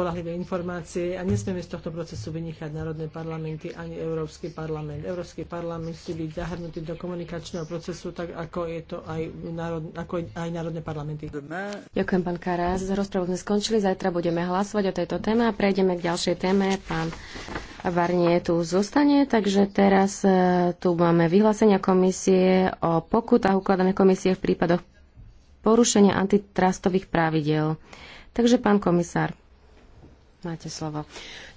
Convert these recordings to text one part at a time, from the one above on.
spolahlivé informácie a nesmieme z tohto procesu vynechať národné parlamenty ani Európsky parlament. Európsky parlament musí byť zahrnutý do komunikačného procesu, tak ako je to aj, národ, ako aj národné parlamenty. Ďakujem, pán Karas. Rozpravu sme skončili. Zajtra budeme hlasovať o tejto téme a prejdeme k ďalšej téme. Pán Varnie tu zostane, takže teraz e, tu máme vyhlásenia komisie o pokutách ukladané komisie v prípadoch porušenia antitrastových pravidel. Takže pán komisár. Máte slovo.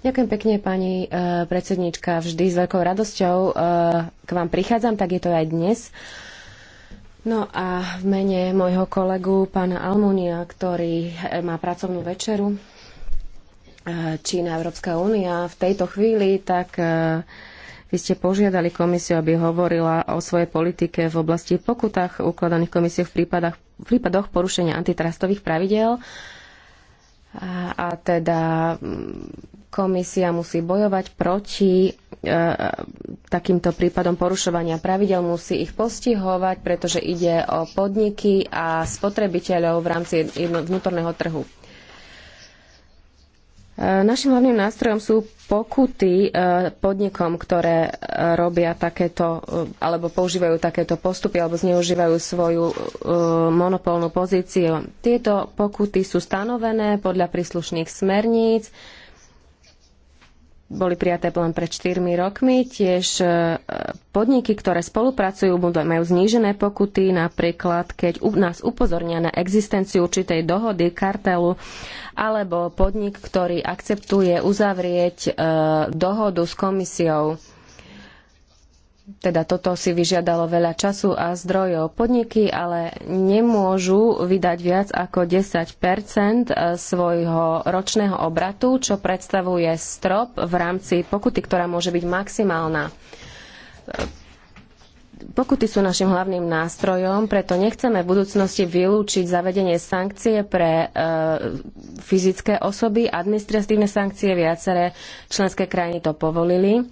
Ďakujem pekne, pani e, predsednička. Vždy s veľkou radosťou e, k vám prichádzam, tak je to aj dnes. No a v mene môjho kolegu, pána Almunia, ktorý e, má pracovnú večeru, e, Čína, Európska únia v tejto chvíli, tak e, vy ste požiadali komisiu, aby hovorila o svojej politike v oblasti pokutách ukladaných komisiou v prípadoch, v prípadoch porušenia antitrastových pravidel. A, a teda mm, komisia musí bojovať proti e, e, takýmto prípadom porušovania pravidel, musí ich postihovať, pretože ide o podniky a spotrebiteľov v rámci jedno, vnútorného trhu. Našim hlavným nástrojom sú pokuty e, podnikom, ktoré e, robia takéto, e, alebo používajú takéto postupy, alebo zneužívajú svoju monopolnú pozíciu. Tieto pokuty sú stanovené podľa príslušných smerníc boli prijaté len pred 4 rokmi. Tiež e, podniky, ktoré spolupracujú, majú znížené pokuty, napríklad keď nás upozornia na existenciu určitej dohody, kartelu, alebo podnik, ktorý akceptuje uzavrieť e, dohodu s komisiou teda toto si vyžiadalo veľa času a zdrojov. Podniky ale nemôžu vydať viac ako 10 e, svojho ročného obratu, čo predstavuje strop v rámci pokuty, ktorá môže byť maximálna. E, pokuty sú našim hlavným nástrojom, preto nechceme v budúcnosti vylúčiť zavedenie sankcie pre e, fyzické osoby, administratívne sankcie viaceré členské krajiny to povolili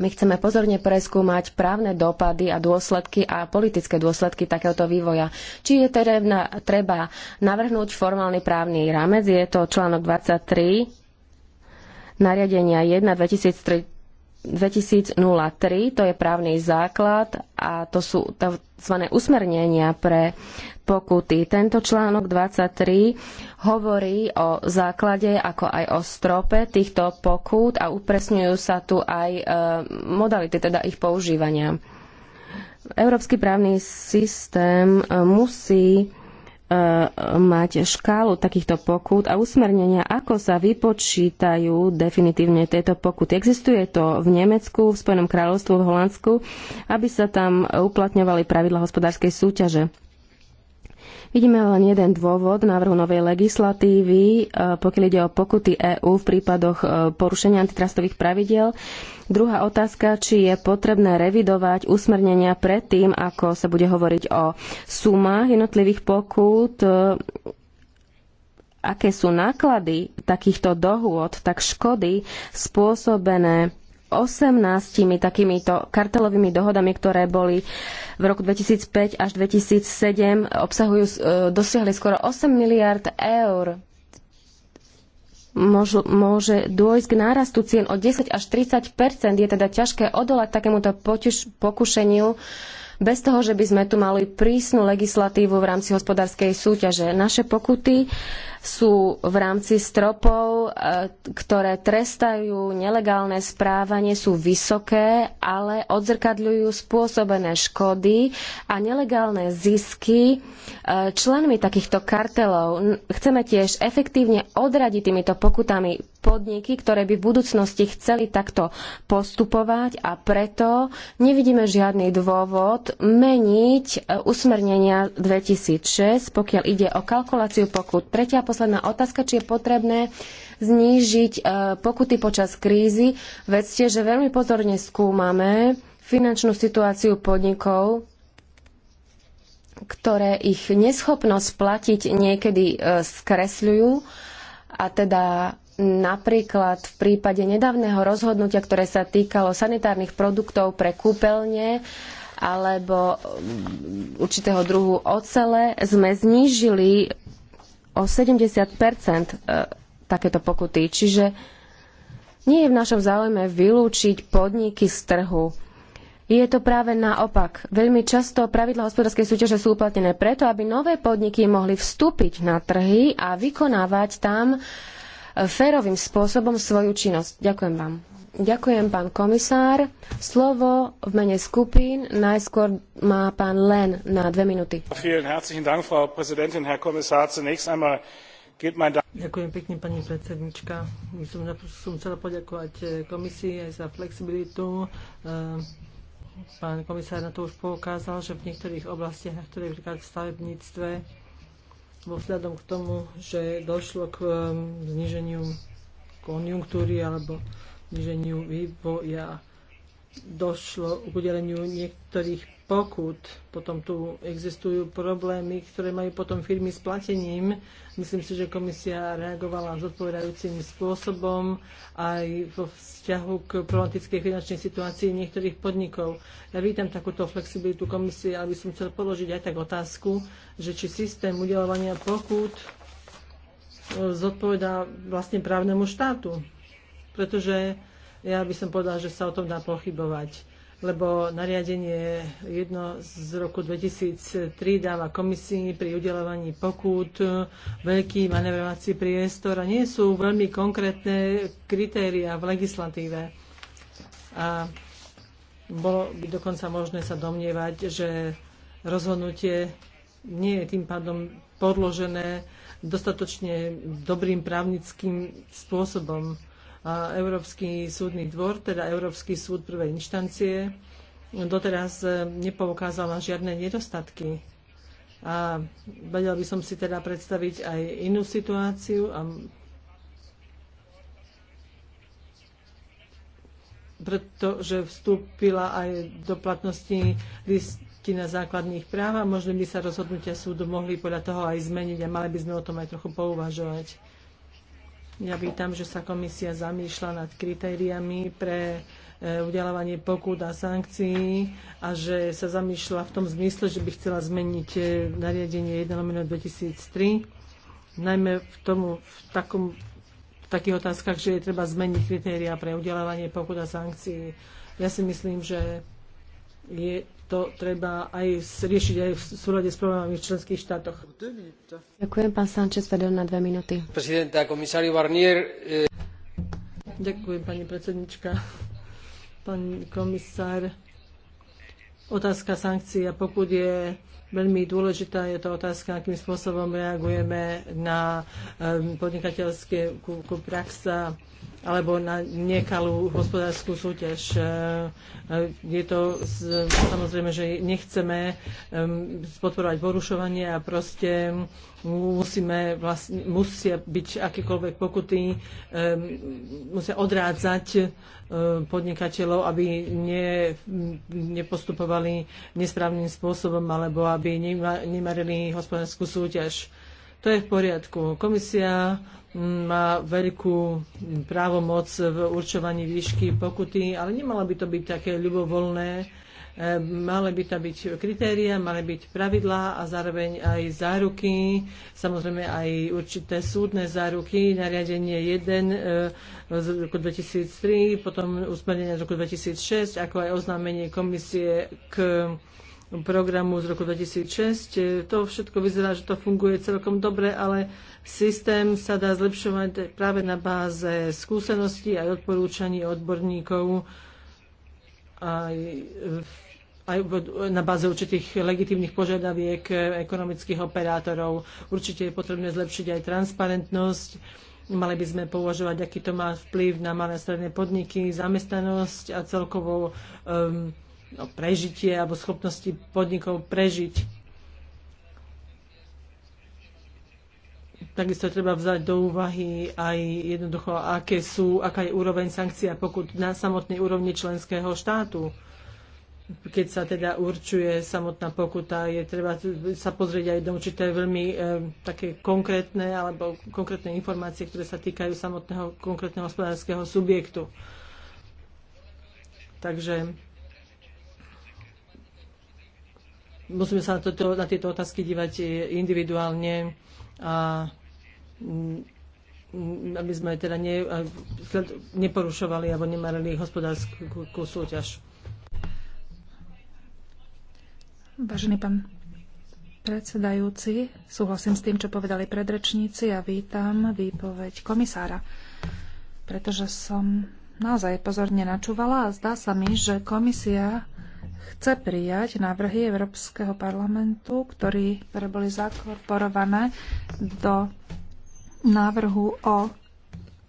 my chceme pozorne preskúmať právne dopady a dôsledky a politické dôsledky takéhoto vývoja. Či je teda na, treba navrhnúť formálny právny rámec, je to článok 23 nariadenia 1 2003 2003, to je právny základ a to sú tzv. usmernenia pre pokuty. Tento článok 23 hovorí o základe ako aj o strope týchto pokút a upresňujú sa tu aj e, modality, teda ich používania. Európsky právny systém e, musí E, mať škálu takýchto pokút a usmernenia, ako sa vypočítajú definitívne tieto pokuty. Existuje to v Nemecku, v Spojenom kráľovstvu, v Holandsku, aby sa tam uplatňovali pravidla hospodárskej súťaže. Vidíme len jeden dôvod návrhu novej legislatívy, e, pokiaľ ide o pokuty EÚ v prípadoch e, porušenia antitrastových pravidel. Druhá otázka, či je potrebné revidovať usmernenia predtým, ako sa bude hovoriť o sumách jednotlivých pokút, e, aké sú náklady takýchto dohôd, tak škody spôsobené 18 takýmito kartelovými dohodami, ktoré boli v roku 2005 až 2007, obsahujú, e, dosiahli skoro 8 miliard eur. môže dôjsť k nárastu cien o 10 až 30 Je teda ťažké odolať takémuto pokušeniu bez toho, že by sme tu mali prísnu legislatívu v rámci hospodárskej súťaže. Naše pokuty sú v rámci stropov, e, ktoré trestajú nelegálne správanie, sú vysoké, ale odzrkadľujú spôsobené škody a nelegálne zisky e, členmi takýchto kartelov. Chceme tiež efektívne odradiť týmito pokutami podniky, ktoré by v budúcnosti chceli takto postupovať a preto nevidíme žiadny dôvod meniť e, usmernenia 2006, pokiaľ ide o kalkuláciu pokut. Tretia a posledná otázka, či je potrebné znížiť e, pokuty počas krízy. Vedzte, že veľmi pozorne skúmame finančnú situáciu podnikov, ktoré ich neschopnosť platiť niekedy e, skresľujú a teda Napríklad v prípade nedávneho rozhodnutia, ktoré sa týkalo sanitárnych produktov pre kúpeľne alebo mm, určitého druhu ocele, sme znížili o 70 e, takéto pokuty. Čiže nie je v našom záujme vylúčiť podniky z trhu. Je to práve naopak. Veľmi často pravidlá hospodárskej súťaže sú uplatnené preto, aby nové podniky mohli vstúpiť na trhy a vykonávať tam uh, férovým spôsobom svoju činnosť. Ďakujem vám. Ďakujem, pán komisár. Slovo v mene skupín najskôr má pán Len na dve minúty. Ďakujem pekne, pani predsednička. My som, som chcela poďakovať eh, komisii aj za flexibilitu. Eh, pán komisár na to už poukázal, že v niektorých oblastiach, na v stavebníctve, vo vzhľadom k tomu, že došlo k um, zniženiu konjunktúry alebo zniženiu vývoja, došlo k udeleniu niektorých Pokut, Potom tu existujú problémy, ktoré majú potom firmy s platením. Myslím si, že komisia reagovala zodpovedajúcim spôsobom aj vo vzťahu k problematickej finančnej situácii niektorých podnikov. Ja vítam takúto flexibilitu komisie, aby som chcel položiť aj tak otázku, že či systém udelovania pokut e, zodpovedá vlastne právnemu štátu. Pretože ja by som povedala, že sa o tom dá pochybovať lebo nariadenie jedno z roku 2003 dáva komisii pri udelovaní pokút veľký manevrovací priestor a nie sú veľmi konkrétne kritéria v legislatíve. A bolo by dokonca možné sa domnievať, že rozhodnutie nie je tým pádom podložené dostatočne dobrým právnickým spôsobom. Európsky súdny dvor, teda Európsky súd prvej inštancie, doteraz e, nepoukázal na žiadne nedostatky. A vedel by som si teda predstaviť aj inú situáciu a pretože vstúpila aj do platnosti listina základných práv a možno by sa rozhodnutia súdu mohli podľa toho aj zmeniť a mali by sme o tom aj trochu pouvažovať. Ja vítam, že sa komisia zamýšľa nad kritériami pre e, udelávanie pokút a sankcií a že sa zamýšľa v tom zmysle, že by chcela zmeniť e, nariadenie 1 2003, najmä v, tomu, v, takom, v takých otázkach, že je treba zmeniť kritéria pre udelávanie pokút a sankcií. Ja si myslím, že je to treba aj riešiť aj v súlade s problémami v členských štátoch. Ďakujem, pán Sánchez, vedel na dve minúty. Barnier, e... Ďakujem, pani predsednička. Pán komisár, otázka sankcií a pokud je veľmi dôležitá je to otázka, akým spôsobom reagujeme na ehm, podnikateľské prax alebo na nekalú hospodárskú súťaž. E, e, je to samozrejme, že nechceme podporovať porušovanie a proste musíme vlastne, musia byť akékoľvek pokuty, musia odrádzať e, podnikateľov, aby ne, nepostupovali nesprávnym spôsobom alebo aby nemarili hospodárskú súťaž. To je v poriadku. Komisia mm, má veľkú právomoc v určovaní výšky pokuty, ale nemala by to byť také ľubovoľné. E, mali by to byť kritéria, mali byť pravidlá a zároveň aj záruky, samozrejme aj určité súdne záruky, nariadenie 1 e, z roku 2003, potom usmernenie z roku 2006, ako aj oznámenie komisie k programu z roku 2006. E, to všetko vyzerá, že to funguje celkom dobre, ale systém sa dá zlepšovať práve na báze skúseností a odporúčaní odborníkov aj, aj na báze určitých legitívnych požiadaviek ekonomických operátorov. Určite je potrebné zlepšiť aj transparentnosť. Mali by sme považovať, aký to má vplyv na malé stredné podniky, zamestnanosť a celkovo um, o prežitie alebo schopnosti podnikov prežiť. Takisto treba vzať do úvahy aj jednoducho, aké sú, aká je úroveň sankcia, pokud na samotnej úrovni členského štátu. Keď sa teda určuje samotná pokuta, je treba sa pozrieť aj do určité veľmi e, také konkrétne alebo konkrétne informácie, ktoré sa týkajú samotného konkrétneho hospodárskeho subjektu. Takže musíme sa na, toto, na tieto otázky dívať eh, individuálne a mm, aby sme teda ne, eh, neporušovali alebo nemarili hospodárskú súťaž. Vážený pán predsedajúci, súhlasím s tým, čo povedali predrečníci a vítam výpoveď komisára, pretože som naozaj pozorne načúvala a zdá sa mi, že komisia chce prijať návrhy Európskeho parlamentu, ktorý, ktoré boli zakorporované do návrhu o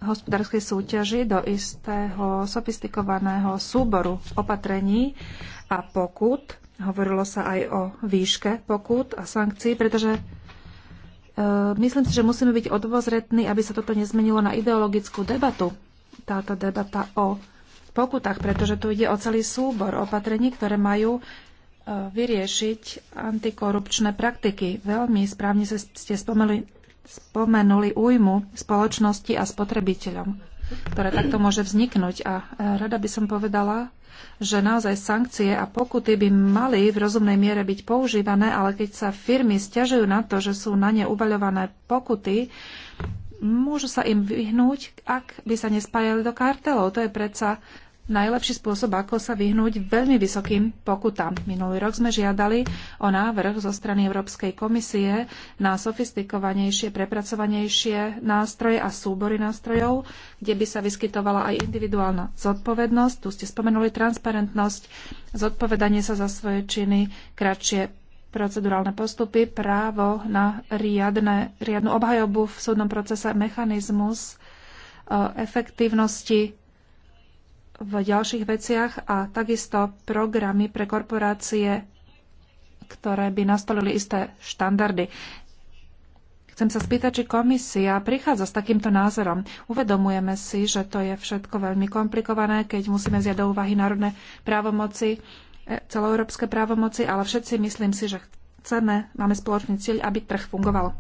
hospodárskej súťaži do istého sofistikovaného súboru opatrení a pokut. Hovorilo sa aj o výške pokut a sankcií, pretože e, myslím si, že musíme byť odvozretní, aby sa toto nezmenilo na ideologickú debatu. Táto debata o pokutách, pretože tu ide o celý súbor opatrení, ktoré majú e, vyriešiť antikorupčné praktiky. Veľmi správne ste spomenuli, spomenuli újmu spoločnosti a spotrebiteľom, ktoré takto môže vzniknúť. A e, rada by som povedala, že naozaj sankcie a pokuty by mali v rozumnej miere byť používané, ale keď sa firmy stiažujú na to, že sú na ne uvaľované pokuty, môžu sa im vyhnúť, ak by sa nespájali do kartelov. To je predsa najlepší spôsob, ako sa vyhnúť veľmi vysokým pokutám. Minulý rok sme žiadali o návrh zo strany Európskej komisie na sofistikovanejšie, prepracovanejšie nástroje a súbory nástrojov, kde by sa vyskytovala aj individuálna zodpovednosť. Tu ste spomenuli transparentnosť, zodpovedanie sa za svoje činy, kratšie procedurálne postupy, právo na riadne, riadnu obhajobu v súdnom procese, mechanizmus e, efektívnosti v ďalších veciach a takisto programy pre korporácie, ktoré by nastolili isté štandardy. Chcem sa spýtať, či komisia prichádza s takýmto názorom. Uvedomujeme si, že to je všetko veľmi komplikované, keď musíme zjať do úvahy národné právomoci celoeurópske právomoci, ale všetci myslím si, že chceme, máme spoločný cieľ, aby trh fungoval.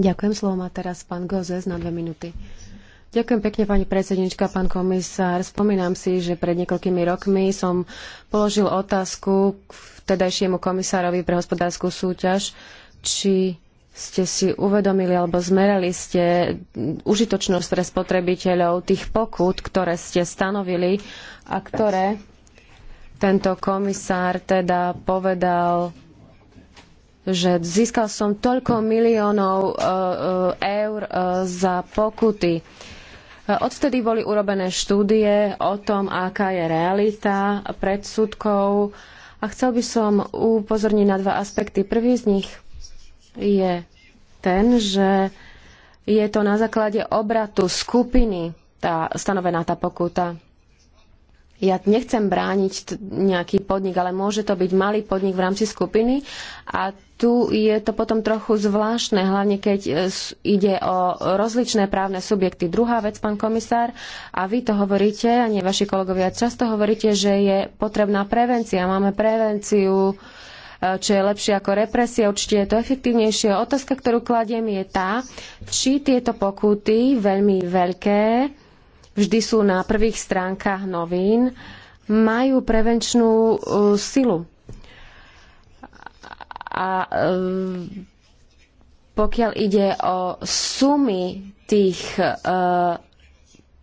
Ďakujem, slovo má teraz pán Gozes na dve minúty. Ďakujem pekne, pani predsednička, pán komisár. Spomínam si, že pred niekoľkými rokmi som položil otázku k vtedajšiemu komisárovi pre hospodárskú súťaž, či ste si uvedomili alebo zmerali ste užitočnosť pre spotrebiteľov tých pokút, ktoré ste stanovili a ktoré tento komisár teda povedal, že získal som toľko miliónov e, e, eur e, za pokuty. Odvtedy boli urobené štúdie o tom, aká je realita predsudkov a chcel by som upozorniť na dva aspekty. Prvý z nich je ten, že je to na základe obratu skupiny tá stanovená tá pokuta. Ja nechcem brániť nejaký podnik, ale môže to byť malý podnik v rámci skupiny a tu je to potom trochu zvláštne, hlavne keď e, ide o rozličné právne subjekty. Druhá vec, pán komisár, a vy to hovoríte, a nie vaši kolegovia, často hovoríte, že je potrebná prevencia. Máme prevenciu, e, čo je lepšie ako represie, určite je to efektívnejšie. Otázka, ktorú kladiem, je tá, či tieto pokuty, veľmi veľké, vždy sú na prvých stránkach novín, majú prevenčnú e, silu. A e, pokiaľ ide o sumy tých e,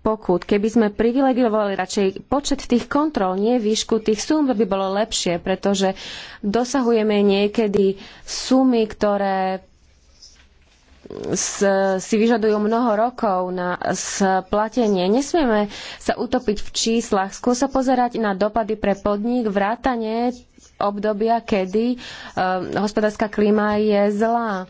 pokút, keby sme privilegiovali radšej počet tých kontrol, nie výšku tých sum, by bolo lepšie, pretože dosahujeme niekedy sumy, ktoré si vyžadujú mnoho rokov na splatenie. Nesmieme sa utopiť v číslach. Skôr sa pozerať na dopady pre podnik, vrátanie obdobia, kedy e, hospodárska klíma je zlá.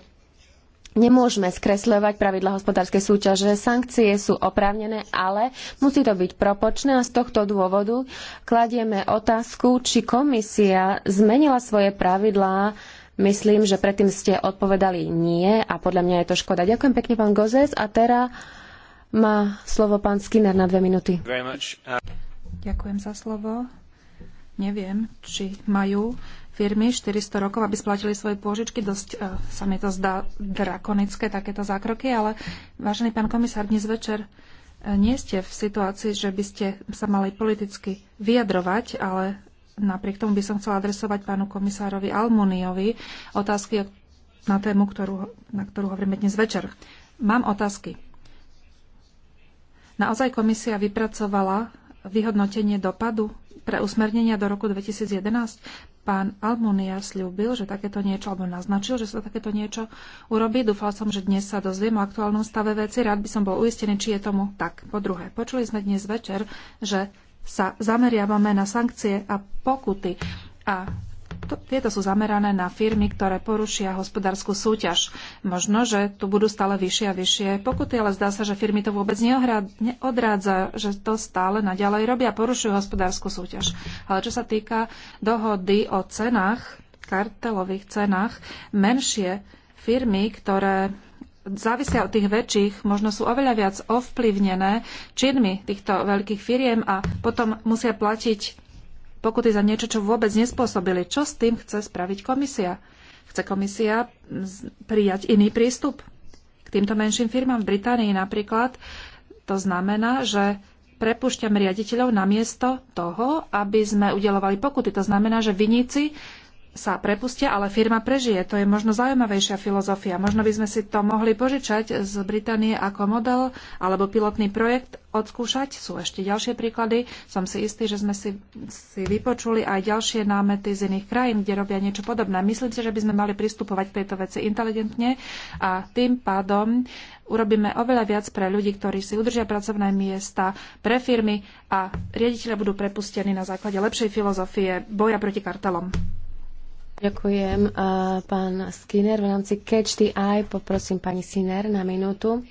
Nemôžeme skresľovať pravidla hospodárskej súťaže, sankcie sú oprávnené, ale musí to byť propočné a z tohto dôvodu kladieme otázku, či komisia zmenila svoje pravidlá Myslím, že predtým ste odpovedali nie a podľa mňa je to škoda. Ďakujem pekne, pán Gozes. A teraz má slovo pán Skinner na dve minúty. Ďakujem za slovo. Neviem, či majú firmy 400 rokov, aby splatili svoje pôžičky. Dosť uh, sa mi to zdá drakonické, takéto zákroky, ale vážený pán komisár, dnes večer eh, nie ste v situácii, že by ste sa mali politicky vyjadrovať, ale Napriek tomu by som chcela adresovať pánu komisárovi Almuniovi otázky na tému, ktorú, na ktorú hovoríme dnes večer. Mám otázky. Naozaj komisia vypracovala vyhodnotenie dopadu pre usmernenia do roku 2011? Pán Almunia slúbil, že takéto niečo, alebo naznačil, že sa takéto niečo urobí. Dúfal som, že dnes sa dozviem o aktuálnom stave veci. Rád by som bol uistený, či je tomu tak. Po druhé, počuli sme dnes večer, že sa zameriavame na sankcie a pokuty. A to, tieto sú zamerané na firmy, ktoré porušia hospodárskú súťaž. Možno, že tu budú stále vyššie a vyššie pokuty, ale zdá sa, že firmy to vôbec neodrádza, že to stále naďalej robia, porušujú hospodárskú súťaž. Ale čo sa týka dohody o cenách, kartelových cenách, menšie firmy, ktoré závisia od tých väčších, možno sú oveľa viac ovplyvnené činmi týchto veľkých firiem a potom musia platiť pokuty za niečo, čo vôbec nespôsobili. Čo s tým chce spraviť komisia? Chce komisia prijať iný prístup k týmto menším firmám v Británii napríklad? To znamená, že prepušťam riaditeľov namiesto toho, aby sme udelovali pokuty. To znamená, že viníci sa prepustia, ale firma prežije. To je možno zaujímavejšia filozofia. Možno by sme si to mohli požičať z Británie ako model alebo pilotný projekt odskúšať. Sú ešte ďalšie príklady. Som si istý, že sme si, si vypočuli aj ďalšie námety z iných krajín, kde robia niečo podobné. Myslím si, že by sme mali pristupovať k tejto veci inteligentne a tým pádom urobíme oveľa viac pre ľudí, ktorí si udržia pracovné miesta, pre firmy a riaditeľe budú prepustení na základe lepšej filozofie boja proti kartelom. Ďakujem, pán Skinner. V rámci Catch the Eye poprosím pani Skinner na minútu.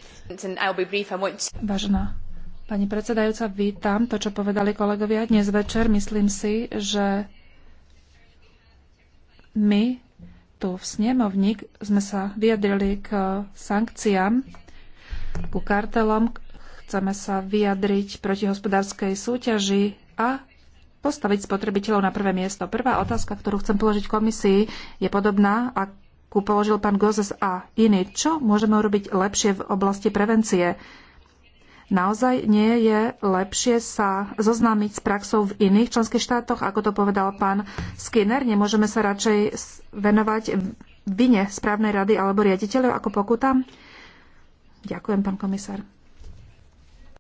Vážená pani predsedajúca, vítam to, čo povedali kolegovia dnes večer. Myslím si, že my tu v snemovník sme sa vyjadrili k sankciám, ku kartelom. Chceme sa vyjadriť proti hospodárskej súťaži a postaviť spotrebiteľov na prvé miesto. Prvá otázka, ktorú chcem položiť komisii, je podobná, akú položil pán Gozes a iný. Čo môžeme urobiť lepšie v oblasti prevencie? Naozaj nie je lepšie sa zoznámiť s praxou v iných členských štátoch, ako to povedal pán Skinner. Nemôžeme sa radšej venovať vine správnej rady alebo riaditeľov ako pokutám? Ďakujem, pán komisár.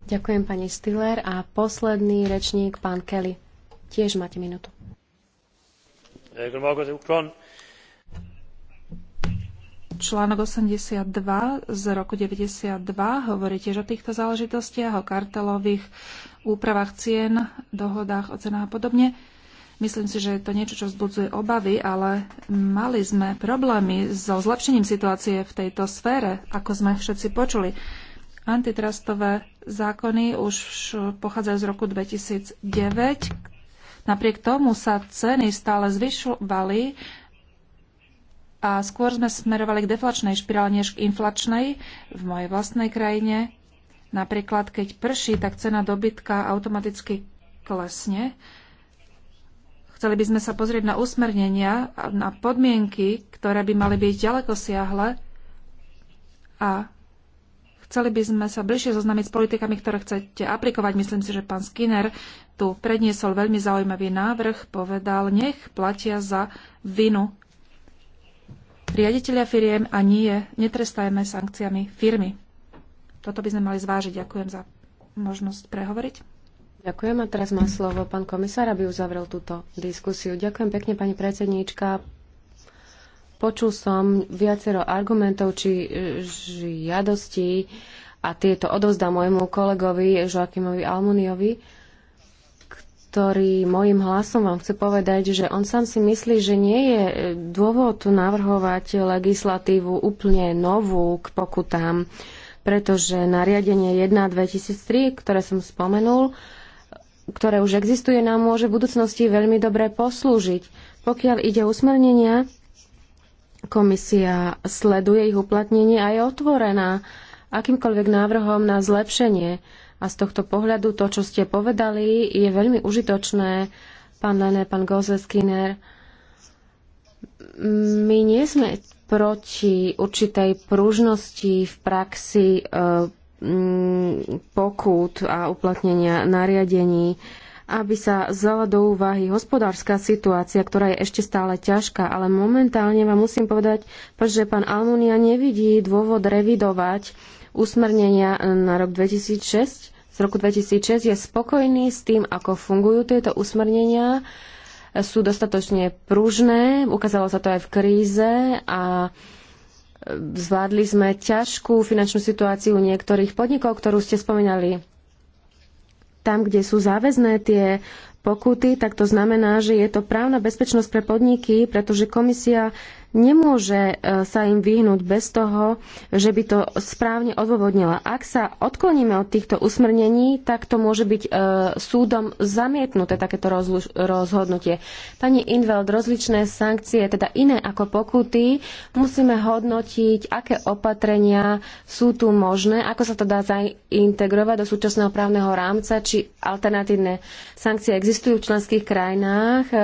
Ďakujem, pani Stiller. A posledný rečník, pán Kelly. Tiež máte minútu. Článok 82 z roku 92 hovorí tiež o týchto záležitostiach, o kartelových úpravách cien, dohodách o cenách a podobne. Myslím si, že je to niečo, čo vzbudzuje obavy, ale mali sme problémy so zlepšením situácie v tejto sfére, ako sme všetci počuli. Antitrustové zákony už pochádzajú z roku 2009, Napriek tomu sa ceny stále zvyšovali a skôr sme smerovali k deflačnej špirále než k inflačnej v mojej vlastnej krajine. Napríklad, keď prší, tak cena dobytka automaticky klesne. Chceli by sme sa pozrieť na usmernenia, na podmienky, ktoré by mali byť ďaleko siahle a Chceli by sme sa bližšie zoznámiť s politikami, ktoré chcete aplikovať. Myslím si, že pán Skinner tu predniesol veľmi zaujímavý návrh. Povedal, nech platia za vinu riaditeľia firiem a nie, netrestajme sankciami firmy. Toto by sme mali zvážiť. Ďakujem za možnosť prehovoriť. Ďakujem a teraz má slovo pán komisár, aby uzavrel túto diskusiu. Ďakujem pekne, pani predsedníčka. Počul som viacero argumentov či e, žiadostí a tieto odovzdám môjmu kolegovi Joachimovi Almuniovi, ktorý mojim hlasom vám chce povedať, že on sám si myslí, že nie je e, dôvod navrhovať legislatívu úplne novú k pokutám, pretože nariadenie 1.2003, ktoré som spomenul, ktoré už existuje, nám môže v budúcnosti veľmi dobre poslúžiť. Pokiaľ ide o usmernenia, Komisia sleduje ich uplatnenie a je otvorená akýmkoľvek návrhom na zlepšenie. A z tohto pohľadu to, čo ste povedali, je veľmi užitočné, pán Lené, pán Skinner. My nie sme proti určitej pružnosti v praxi e, pokút a uplatnenia nariadení. E, aby sa vzala do úvahy hospodárska situácia, ktorá je ešte stále ťažká, ale momentálne vám musím povedať, že pán Almunia nevidí dôvod revidovať usmernenia na rok 2006. Z roku 2006 je spokojný s tým, ako fungujú tieto usmernenia. Sú dostatočne pružné, ukázalo sa to aj v kríze a zvládli sme ťažkú finančnú situáciu niektorých podnikov, ktorú ste spomínali tam, kde sú záväzné tie pokuty, tak to znamená, že je to právna bezpečnosť pre podniky, pretože komisia nemôže e, sa im vyhnúť bez toho, že by to správne odôvodnila. Ak sa odkloníme od týchto usmrnení, tak to môže byť e, súdom zamietnuté takéto rozhodnutie. Pani Inveld, rozličné sankcie, teda iné ako pokuty, musíme hodnotiť, aké opatrenia sú tu možné, ako sa to dá zaintegrovať do súčasného právneho rámca, či alternatívne sankcie existujú v členských krajinách. E,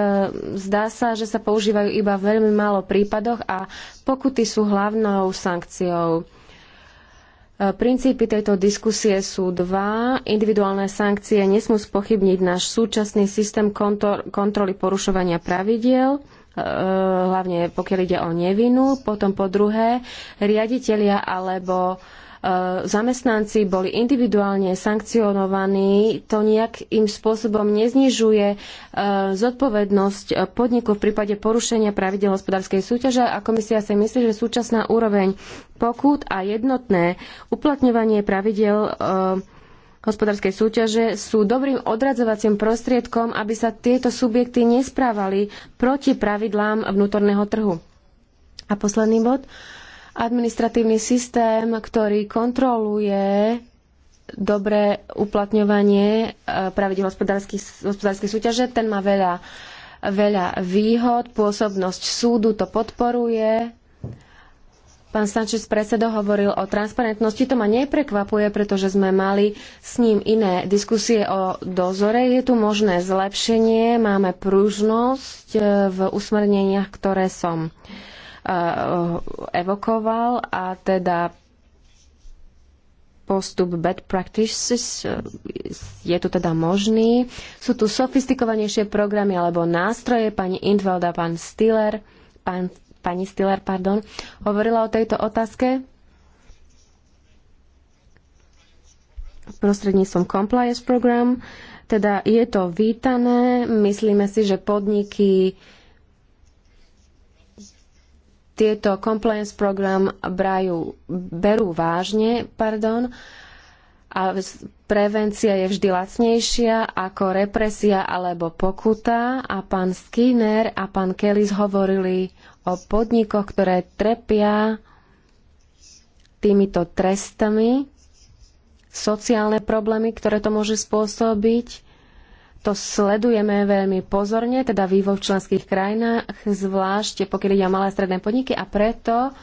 zdá sa, že sa používajú iba veľmi málo prípadov prípadoch a pokuty sú hlavnou sankciou. E, princípy tejto diskusie sú dva. Individuálne sankcie nesmú spochybniť náš súčasný systém kontroly porušovania pravidiel, e, hlavne pokiaľ ide o nevinu. Potom po druhé, riaditeľia alebo E, zamestnanci boli individuálne sankcionovaní, to nejakým spôsobom neznižuje e, zodpovednosť podniku v prípade porušenia pravidel hospodárskej súťaže a komisia si myslí, že súčasná úroveň pokút a jednotné uplatňovanie pravidel e, hospodárskej súťaže sú dobrým odradzovacím prostriedkom, aby sa tieto subjekty nesprávali proti pravidlám vnútorného trhu. A posledný bod. Uh, administratívny systém, ktorý kontroluje dobré uplatňovanie e, pravidel hospodárskej súťaže, ten má veľa, veľa výhod, pôsobnosť súdu to podporuje. Pán Sančes predsedo hovoril o transparentnosti, to ma neprekvapuje, pretože sme mali s ním iné diskusie o dozore. Je tu možné zlepšenie, máme pružnosť e, v usmerneniach, ktoré som uh, Eh, evokoval a teda postup bad practices eh, je tu teda možný. Sú tu sofistikovanejšie programy alebo nástroje. Pani Indveld pán Stiller, pán, pani Stiller, pardon, hovorila o tejto otázke. prostredníctvom compliance program. Teda je to vítané. Myslíme si, že podniky tieto compliance program brajú, berú vážne pardon, a prevencia je vždy lacnejšia ako represia alebo pokuta a pán Skinner a pán Kelly hovorili o podnikoch, ktoré trepia týmito trestami, sociálne problémy, ktoré to môže spôsobiť to sledujeme veľmi pozorne, teda vývoj v členských krajinách, zvlášť pokiaľ ide o malé a stredné podniky a preto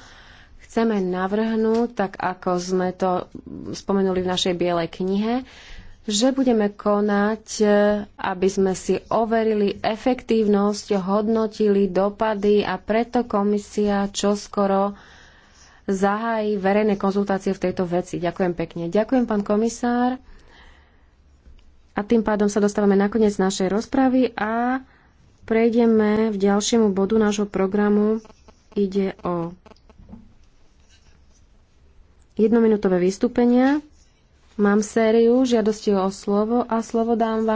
chceme navrhnúť, tak ako sme to spomenuli v našej bielej knihe, že budeme konať, aby sme si overili efektívnosť, hodnotili dopady a preto komisia čoskoro zahájí verejné konzultácie v tejto veci. Ďakujem pekne. Ďakujem, pán komisár. A tým pádom sa dostávame na koniec našej rozpravy a prejdeme v ďalšiemu bodu nášho programu. Ide o jednominútové vystúpenia. Mám sériu žiadosti o slovo a slovo dám vám.